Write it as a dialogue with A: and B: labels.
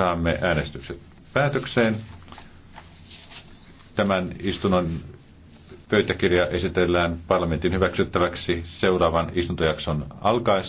A: saamme äänestykset päätökseen. Tämän istunnon pöytäkirja esitellään parlamentin hyväksyttäväksi seuraavan istuntojakson
B: alkaessa.